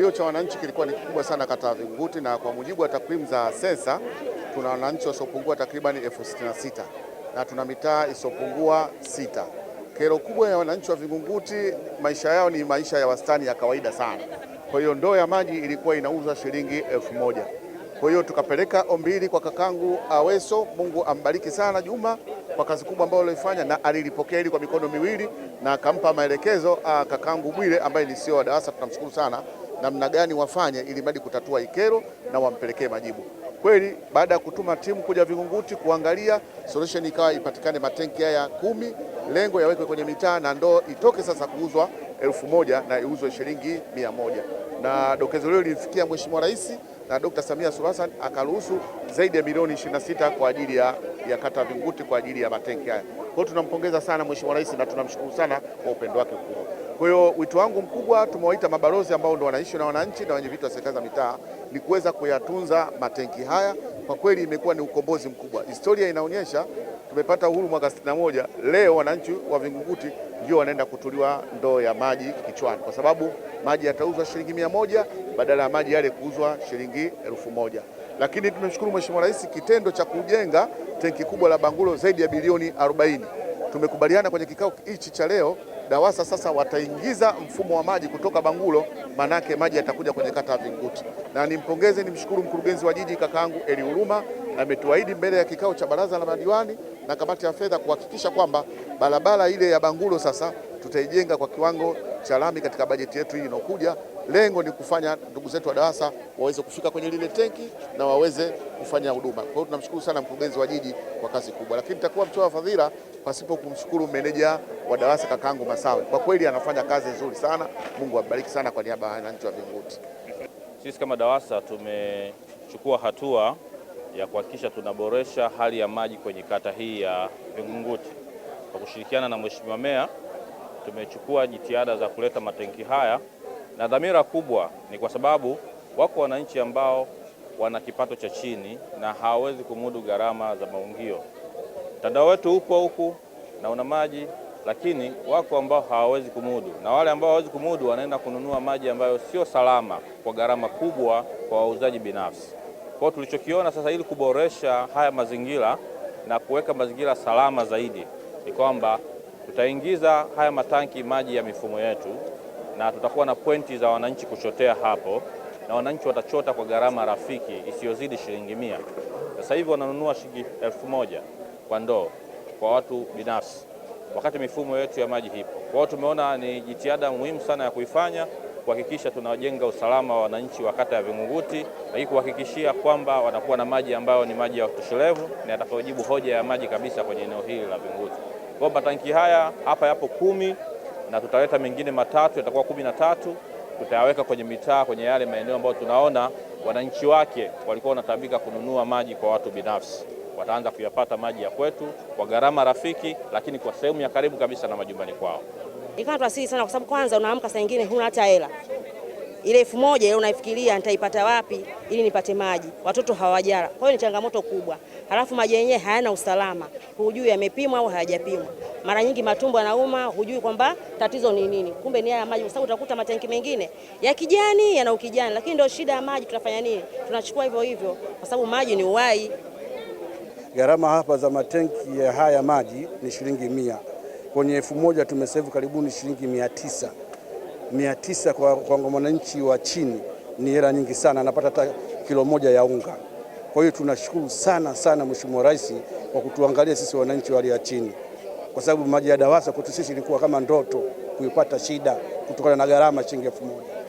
Kilio cha wananchi kilikuwa ni kikubwa sana kata Vingunguti, na kwa mujibu wa takwimu za sensa tuna wananchi wasiopungua takribani elfu sitini na sita na tuna mitaa isiyopungua sita. Kero kubwa ya wananchi wa Vingunguti, maisha yao ni maisha ya wastani ya kawaida sana. Kwa hiyo ndoo ya maji ilikuwa inauzwa shilingi elfu moja. Kwa hiyo tukapeleka ombi hili kwa kakangu Aweso, Mungu ambariki sana Juma kwa kazi kubwa ambayo alifanya, na alilipokea hili kwa mikono miwili na akampa maelekezo ah, kakangu Bwile ambaye ni CEO wa Dawasa. Tunamshukuru sana namna gani wafanye ili mradi kutatua ikero na wampelekee majibu. Kweli baada ya kutuma timu kuja Vingunguti kuangalia solution, ikawa ipatikane matenki haya kumi, lengo yawekwe kwenye mitaa na ndoo itoke sasa kuuzwa elfu moja na iuzwe shilingi mia moja na dokezo hilo lilifikia Mheshimiwa Rais na Dr. Samia Suluhu Hassan akaruhusu zaidi ya milioni sita kwa ajili ya, ya kata Vingunguti kwa ajili ya matenki haya. Kwa hiyo tunampongeza sana Mheshimiwa Rais na tunamshukuru sana kwa upendo wake kubwa. Kwa hiyo wito wangu mkubwa, tumewaita mabalozi ambao ndio wanaishi na wananchi na wenye vitu wa serikali za mitaa, ni kuweza kuyatunza matenki haya. Kwa kweli imekuwa ni ukombozi mkubwa. Historia inaonyesha tumepata uhuru mwaka moja. leo wananchi wa Vingunguti ndio wanaenda kutuliwa ndoo ya maji kichwani, kwa sababu maji yatauzwa shilingi mia moja badala ya maji yale kuuzwa shilingi elfu moja. Lakini tumemshukuru Mheshimiwa Rais, kitendo cha kujenga tenki kubwa la Bangulo zaidi ya bilioni 40 tumekubaliana kwenye kikao hichi cha leo DAWASA sasa wataingiza mfumo wa maji kutoka Bangulo, manake maji yatakuja kwenye kata ya Vinguti. Na nimpongeze nimshukuru mkurugenzi wa jiji kakaangu Eli Huruma, ametuahidi mbele ya kikao cha baraza la madiwani na kamati ya fedha kuhakikisha kwamba barabara ile ya Bangulo sasa tutaijenga kwa kiwango cha lami katika bajeti yetu hii inokuja, lengo ni kufanya ndugu zetu wa DAWASA waweze kufika kwenye lile tenki na waweze kufanya huduma. Kwa hiyo tunamshukuru sana mkurugenzi wa jiji kwa kazi kubwa, lakini nitakuwa mtoa wa fadhila pasipo kumshukuru meneja wa DAWASA kakangu Masawe, kwa kweli anafanya kazi nzuri sana. Mungu ambariki sana kwa niaba ya wananchi wa Vingunguti. Sisi kama DAWASA tumechukua hatua ya kuhakikisha tunaboresha hali ya maji kwenye kata hii ya Vingunguti. Kwa kushirikiana na Mheshimiwa Meya tumechukua jitihada za kuleta matenki haya na dhamira kubwa ni kwa sababu wako wananchi ambao wana kipato cha chini na hawawezi kumudu gharama za maungio. Mtandao wetu upo huku na una maji, lakini wako ambao hawawezi kumudu, na wale ambao hawawezi kumudu wanaenda kununua maji ambayo sio salama kwa gharama kubwa kwa wauzaji binafsi. Kwa tulichokiona sasa, ili kuboresha haya mazingira na kuweka mazingira salama zaidi, ni kwamba tutaingiza haya matanki maji ya mifumo yetu na tutakuwa na pointi za wananchi kuchotea hapo, na wananchi watachota kwa gharama rafiki isiyozidi shilingi mia. Sasa hivi wananunua shilingi elfu moja kwa ndoo kwa watu binafsi, wakati mifumo yetu ya maji hipo. Kwa hiyo tumeona ni jitihada muhimu sana ya kuifanya kuhakikisha tunajenga usalama wa wananchi wa kata ya Vingunguti, lakini kuhakikishia kwamba wanakuwa na maji ambayo ni maji ya utoshelevu na yatakayojibu hoja ya maji kabisa kwenye eneo hili la Vingunguti. Kwa matanki haya hapa yapo kumi na tutaleta mengine matatu yatakuwa kumi na tatu tutayaweka kwenye mitaa kwenye yale maeneo ambayo tunaona wananchi wake walikuwa wanatabika kununua maji kwa watu binafsi, wataanza kuyapata maji ya kwetu kwa gharama rafiki, lakini kwa sehemu ya karibu kabisa na majumbani kwao. Ikawa tuasiri sana, kwa sababu kwanza unaamka saa nyingine huna hata hela ile elfu moja ile unaifikiria nitaipata wapi ili nipate maji, watoto hawajala. Kwa hiyo ni changamoto kubwa, halafu maji yenyewe hayana usalama, hujui yamepimwa au hayajapimwa mara nyingi matumbo yanauma, hujui kwamba tatizo ni nini, kumbe ni haya maji, kwa sababu utakuta matanki mengine ya kijani yana ukijani, lakini ndio shida ya maji. Tunafanya nini? Tunachukua hivyo hivyo, kwa sababu maji ni uhai. Gharama hapa za matenki ya haya maji ni shilingi mia kwenye elfu moja tumesevu karibuni shilingi mia tisa mia tisa kwa, kwa mwananchi wa chini ni hela nyingi sana, anapata hata kilo moja ya unga. Kwa hiyo tunashukuru sana sana Mheshimiwa Rais kwa kutuangalia sisi wananchi wa hali ya chini kwa sababu maji ya DAWASA kwetu sisi ilikuwa kama ndoto kuipata shida kutokana na gharama shilingi elfu moja.